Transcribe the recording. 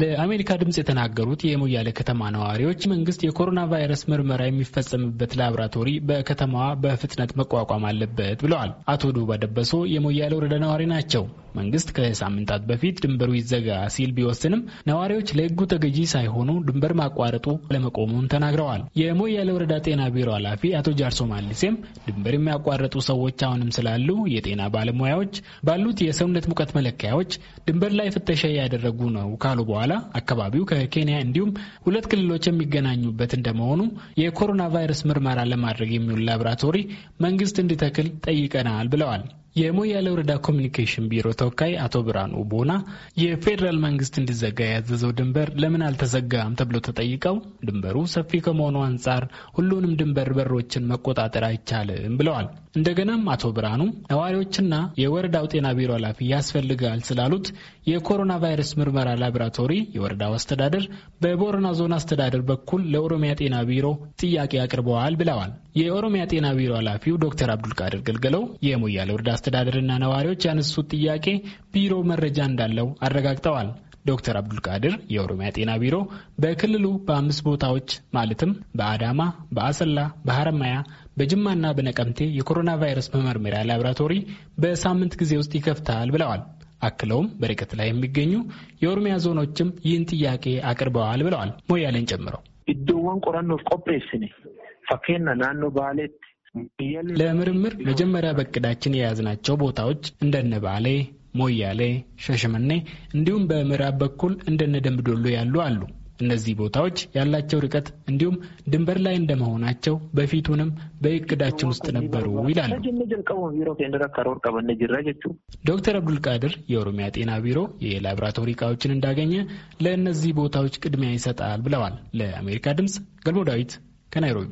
ለአሜሪካ ድምፅ የተናገሩት የሞያሌ ከተማ ነዋሪዎች መንግስት የኮሮና ቫይረስ ምርመራ የሚፈጸምበት ላብራቶሪ በከተማዋ በፍጥነት መቋቋም አለበት ብለዋል። አቶ ዱባ ደበሶ የሞያሌ ወረዳ ነዋሪ ናቸው። መንግስት ከሳምንታት በፊት ድንበሩ ይዘጋ ሲል ቢወስንም ነዋሪዎች ለህጉ ተገዢ ሳይሆኑ ድንበር ማቋረጡ ለመቆሙን ተናግረዋል። የሞያሌ ወረዳ ጤና ቢሮ ኃላፊ አቶ ጃርሶ ማሊሴም ድንበር የሚያቋረጡ ሰዎች አሁንም ስላሉ የጤና ባለሙያዎች ባሉት የሰውነት ሙቀት መለኪያዎች ድንበር ላይ ፍተሻ እያደረጉ ነው ካሉ በኋላ አካባቢው ከኬንያ እንዲሁም ሁለት ክልሎች የሚገናኙበት እንደመሆኑ የኮሮና ቫይረስ ምርመራ ለማድረግ የሚውል ላብራቶሪ መንግስት እንዲተክል ጠይቀናል ብለዋል። የሞያሌ ወረዳ ኮሚኒኬሽን ቢሮ ተወካይ አቶ ብርሃኑ ቦና የፌዴራል መንግስት እንዲዘጋ ያዘዘው ድንበር ለምን አልተዘጋም ተብሎ ተጠይቀው ድንበሩ ሰፊ ከመሆኑ አንጻር ሁሉንም ድንበር በሮችን መቆጣጠር አይቻልም ብለዋል። እንደገናም አቶ ብርሃኑ ነዋሪዎችና የወረዳው ጤና ቢሮ ኃላፊ ያስፈልጋል ስላሉት የኮሮና ቫይረስ ምርመራ ላቦራቶሪ የወረዳው አስተዳደር በቦረና ዞን አስተዳደር በኩል ለኦሮሚያ ጤና ቢሮ ጥያቄ አቅርበዋል ብለዋል። የኦሮሚያ ጤና ቢሮ ኃላፊው ዶክተር አብዱልቃድር ገልገለው የሞያሌ ወረዳ አስተዳደርና ነዋሪዎች ያነሱት ጥያቄ ቢሮ መረጃ እንዳለው አረጋግጠዋል። ዶክተር አብዱልቃድር የኦሮሚያ ጤና ቢሮ በክልሉ በአምስት ቦታዎች ማለትም በአዳማ፣ በአሰላ፣ በሐረማያ፣ በጅማና በነቀምቴ የኮሮና ቫይረስ መመርመሪያ ላቦራቶሪ በሳምንት ጊዜ ውስጥ ይከፍታል ብለዋል። አክለውም በርቀት ላይ የሚገኙ የኦሮሚያ ዞኖችም ይህን ጥያቄ አቅርበዋል ብለዋል። ሞያሌን ጨምረው ኢዶዋን ቆራኖፍ ቆፕሬስኒ ፈኬና ናኖ ባሌት ለምርምር መጀመሪያ በእቅዳችን የያዝናቸው ቦታዎች እንደነ ባሌ፣ ሞያሌ፣ ሸሽመኔ እንዲሁም በምዕራብ በኩል እንደነ ደምቢዶሎ ያሉ አሉ። እነዚህ ቦታዎች ያላቸው ርቀት እንዲሁም ድንበር ላይ እንደመሆናቸው በፊቱንም በእቅዳችን ውስጥ ነበሩ ይላሉ ዶክተር አብዱልቃድር። የኦሮሚያ ጤና ቢሮ የላብራቶሪ እቃዎችን እንዳገኘ ለእነዚህ ቦታዎች ቅድሚያ ይሰጣል ብለዋል። ለአሜሪካ ድምፅ ገልሞ ዳዊት ከናይሮቢ